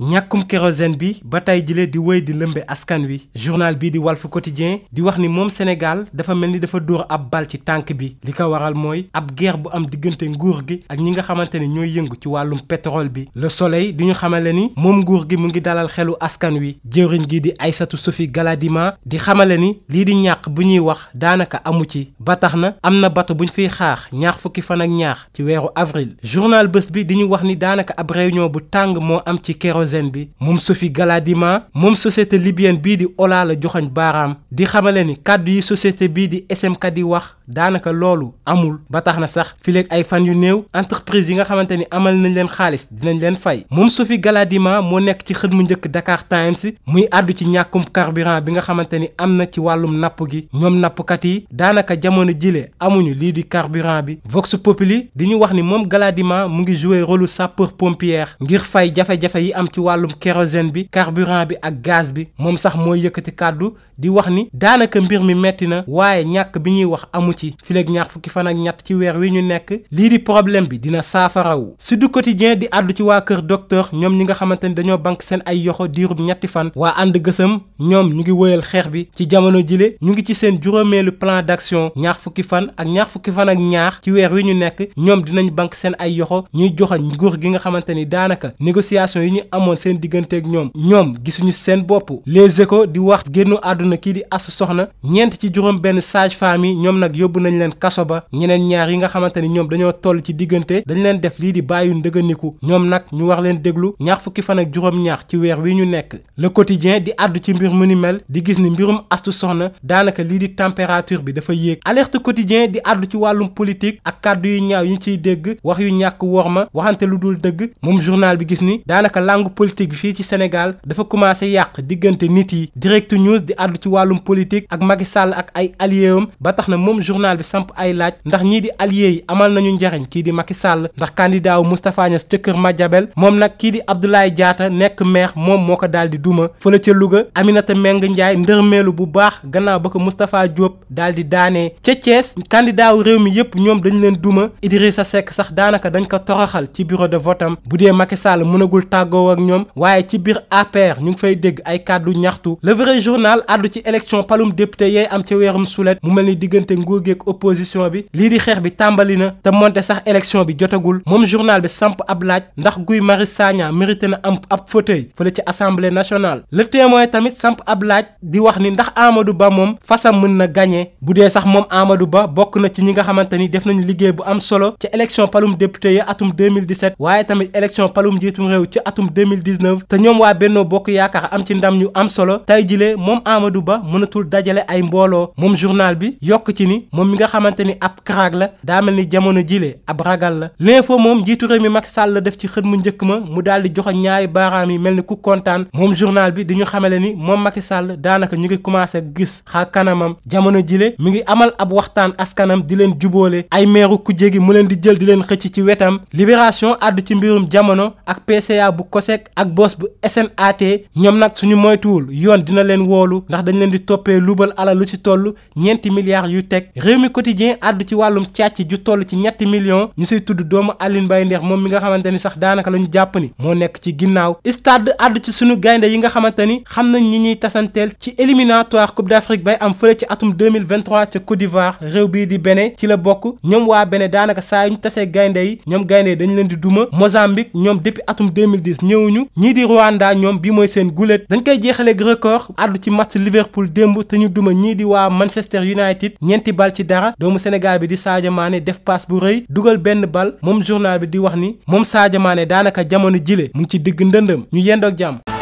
ñàkkum kérosène bi ba tey jile di wéy di lëmbe askan wi journal bii di wal Walf Quotidien di wax ni moom Sénégal dafa mel ni dafa dóor ab bal ci tànk bi li ko waral mooy ab guerre bu am diggante nguur gi ak ñi nga xamante ni ñooy yëngu ci wàllum pétrole bi Le Soleil di ñu xamale ni moom nguur gi mu ngi dalal xelu askan wi jëwriñ gi di Aïssatou Sophie Galadima di xamale ni lii di ñàq bu ñuy wax daanaka amu ci ba tax na am na bato bu ñu fiy xaax ñaax fukki fan ak ñaar ci weeru avril journal bés bi di ñu wax ni daanaka ab réunion bu tàng moo am ci kérosène Petrosen bi moom Sophie Galadima moom société libyenne bii di Ola la joxoñ baaraam di xamale ni kàddu yi société bii di SMK di wax daanaka loolu amul ba tax na sax fileeg ay fan yu néew entreprise yi nga xamante ni amal nañ leen xaalis dinañ leen fay moom Sophie Galadima moo nekk ci xët mu njëkk Dakar Times muy àddu ci ñàkkum carburant bi nga xamante ni am na ci wàllum napp gi ñoom nappkat yi daanaka jamono jile amuñu lii di carburant bi Vox Populi di ñu wax ni moom Galadima mu ngi jouer rôle sapeur pompier ngir fay jafe ci wàllum kérosène bi carburant bi ak gaz bi moom sax mooy yëkkati kàddu di wax ni daanaka mbir mi metti na waaye ñàkk bi ñuy wax amu ci fileeg ñaar fukki fan ak ñett ci weer wi ñu nekk lii problème bi dina saafarawu su du quotidien di àddu ci waa kër docteur ñoom ñi nga xamante ni dañoo bank seen ay yoxo diirub ñetti fan waa ànd gësëm ñoom ñu ngi wëyal xeex bi ci jamono jile ñu ngi ci seen juróomeelu plan d'action ñaar fukki fan ak ñaar fukki fan ak ñaar ci weer wi ñu nekk ñoom dinañ bank seen ay yoxo ñuy joxañ nguur gi nga xamante daanaka négociation yi ñu amoon amoon seen digganteeg ñoom ñoom gisuñu seen bopp Les Échos di wax génnu àdduna kii di astu Sokhna ñeent ci juróom benn sage-femme yi ñoom nag yóbbu nañ leen kaso ba ñeneen ñaar yi nga xamante ni ñoom dañoo toll ci diggante dañ leen def lii di bàyyu ndëganiku ñoom nag ñu wax leen déglu ñaar fukki fan ak juróom-ñaar ci weer wi ñu nekk Le Quotidien di àddu ci mbir mu ni mel di gis ni mbirum astu soxna daanaka lii di température bi dafa yéeg alerte Quotidien di àddu ci wàllum politique ak kàddu yu ñaaw yi ciy dégg wax yu ñàkk worma waxante lu dul dëgg moom journal bi gis ni politique fii ci Sénégal dafa commencé yàq diggante nit yi direct news di àddu ci wàllum politique ak Macky Sall ak ay allié am ba tax na moom journal bi samp ay laaj ndax ñii di allié yi amal nañu njariñ kii di Macky Sall ndax candidat wu Moustapha Niass ca kër Madiabel moom nag kii di Abdoulaye Diatta nekk maire moom moo ko daal di duma fële ca Louga Aminata Mbengue Ndiaye ndërmeelu bu baax gannaaw ba ko Moustapha Diop daal di daanee ca Thiès candidat wu réew mi yëpp ñoom dañ leen duma Idrissa Seck sax daanaka dañ ko toroxal ci bureau de vote ñoom waaye ci biir APR ñu ngi fay dégg ay kàddu ñaxtu le vrai journal àddu ci élection palum député yee am ci weerum sulet mu mel ni diggante nguur gi ak opposition bi lii di xeex bi tàmbali na te moonte sax élection bi jotagul moom journal bi samp ab laaj ndax Guy Marius Sagna mérité na am ab fauteuil fële ci assemblée nationale le témoin tamit samp ab laaj di wax ni ndax Amadou Ba moom fasam mën na gagné bu dee sax moom Amadou Ba bokk na ci ñi nga xamante ni def nañu liggéey bu am solo ci élection palum député yi atum 2019 te ñoom waa Benno Bokk Yaakaar am ci ndam ñu am solo tay jile moom Amadou Ba mënatul dajale ay mbooloo moom journal bi yokk ci ni moom mi nga xamante ni ab krag la daa mel ni jamono jile ab ragal la l'info moom njiitu réew mi Macky Sall la def ci xët mu njëkk ma mu daal di joxe ñaari baaraam yi mel ni ku kontaan moom journal bi di ñu xamale ni moom Macky Sall daanaka ñu ngi commencé gis xaa kanamam jamono jile mu ngi amal ab waxtaan askanam di leen jubóole ay meeru ku jégi mu leen di jël di leen xëcc ci wetam libération àddu ci mbirum jamono Seck ak boss bu SNAT ñoom nag suñu moytuwul yoon dina leen woolu ndax dañ leen di toppee luubal alal lu ci toll ñeenti milliards yu teg réew mi quotidien àddu ci wàllum càcc ju toll ci ñetti millions ñu say tudd doomu Aline Mbaye Ndeex moom mi nga xamante ni sax daanaka la ñu jàpp ni moo nekk ci ginnaaw stade àddu ci suñu gaynde yi nga xamante ni xam nañ ñi ñuy tasanteel ci éliminatoire Coupe d'Afrique bay am fële ci atum 2023 ca Côte d'Ivoire réew bii di Bénin ci la bokk ñoom waa Bénin daanaka saa yu ñu tasee yi ñoom gaynde yi dañ leen di duma Mozambique ñoom depuis atum 2010 ñëwuñu ñii di Rwanda ñoom bi mooy seen guléet dañ koy jeexaleeg record àddu ci match Liverpool démb te ñu duma ñii di waa Manchester United ñeenti bal ci dara doomu Sénégal bi di Sadio Mané def passe bu rëy dugal benn bal moom journal bi di wax ni moom Sadio Mané daanaka jamono jile mu ngi ci digg ndëndëm ñu yendoog jàmm